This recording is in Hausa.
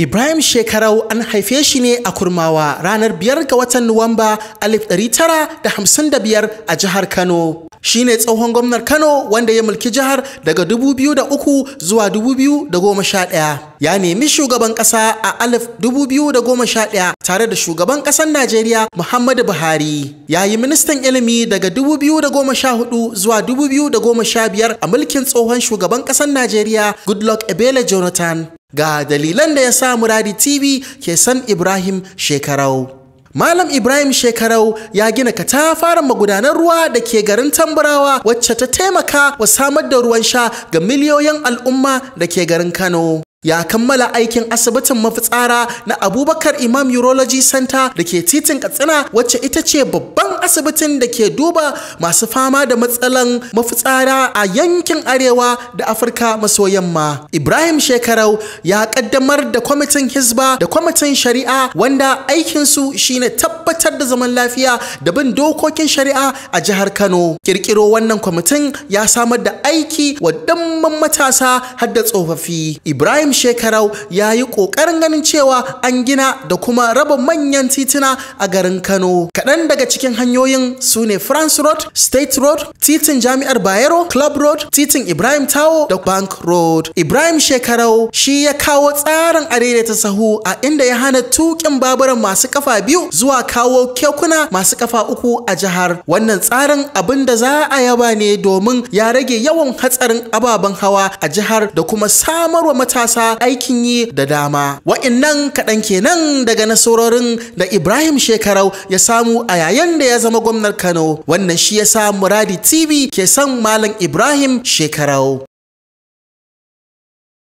Ibrahim Shekarau an haife shi ne a Kurmawa ranar biyar ga watan Nuwamba 1955 a jihar Kano. Shi ne tsohon gwamnar Kano wanda ya mulki jihar daga 2003 zuwa 2011. Ya nemi shugaban ƙasa a alif 2011 tare da shugaban ƙasar Najeriya Muhammadu Buhari. Ya yi ministan ilimi daga 2014 zuwa 2015 a mulkin tsohon shugaban ƙasar Najeriya Goodluck Ebele Jonathan. ga dalilan da ya sa muradi tv ke san ibrahim shekarau Malam Ibrahim Shekarau ya gina katafaren magudanar ruwa da ke garin Tambarawa wacce ta taimaka wa samar da ruwan sha ga miliyoyin al'umma da ke garin Kano. ya kammala aikin asibitin mafitsara na abubakar imam urology center da ke titin katsina wacce ita ce babban asibitin da ke duba masu fama da matsalan mafitsara a yankin arewa da afirka maso yamma ibrahim shekarau ya kaddamar da kwamitin hizba da kwamitin shari'a wanda aikinsu shine tabbatar da zaman lafiya da bin dokokin shari'a a jihar kano kirkiro wannan kwamitin ya samar da aiki wa matasa har da tsofaffi ibrahim wannan shekarau ya yi ƙoƙarin ganin cewa an gina da kuma raba manyan tituna a garin kano kaɗan daga cikin hanyoyin su ne france road state road titin jami'ar bayero club road titin ibrahim tawo da bank road ibrahim shekarau shi ya kawo tsarin adaidaita sahu a inda ya hana tukin baburan masu kafa biyu zuwa kawo kekuna masu kafa uku a jihar wannan tsarin abin da za a yaba ne domin ya rage yawan hatsarin ababen hawa a jihar da kuma samarwa matasa matasa aikin yi da dama wa'innan kaɗan kenan daga nasarorin da ibrahim shekarau ya samu a yayin da ya zama gwamnar kano wannan shi ya sa muradi tv ke son malam ibrahim shekarau